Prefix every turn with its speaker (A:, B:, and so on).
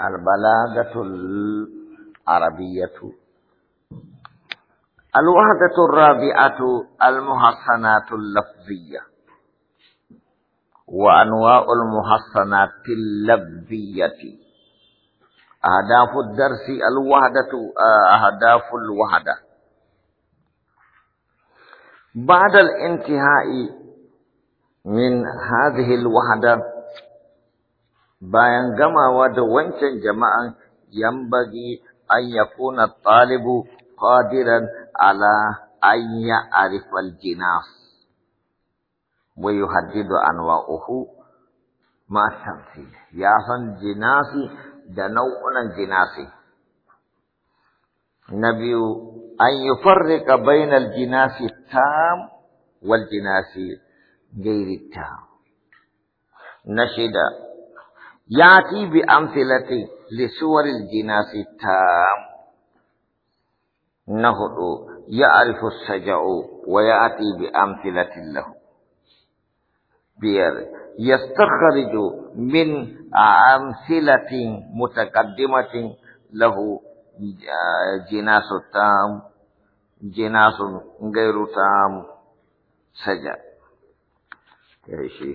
A: البلاغة العربية الوحدة الرابعة المحصنات اللفظية وأنواع المحصنات اللفظية أهداف الدرس الوحدة أهداف الوحدة بعد الانتهاء من هذه الوحدة bayan gamawa da wancan jama'an bagi an yakuna talibu qadiran ala an ya'rifa jinas wa yuhaddidu anwa'uhu ma shamsi ya san jinasi da nau'unan jinasi na biyu an yi farrika bainal jinasi tam wal jinasi gairita na shida yati bi amthilati li suwaril jinasi tam na hudu ya'rifu saja'u wa ya'ti bi amthilatin lahu biyar yastakhriju min amthilatin mutaqaddimatin lahu jinasu tam jinasun gairu tam saja ya shi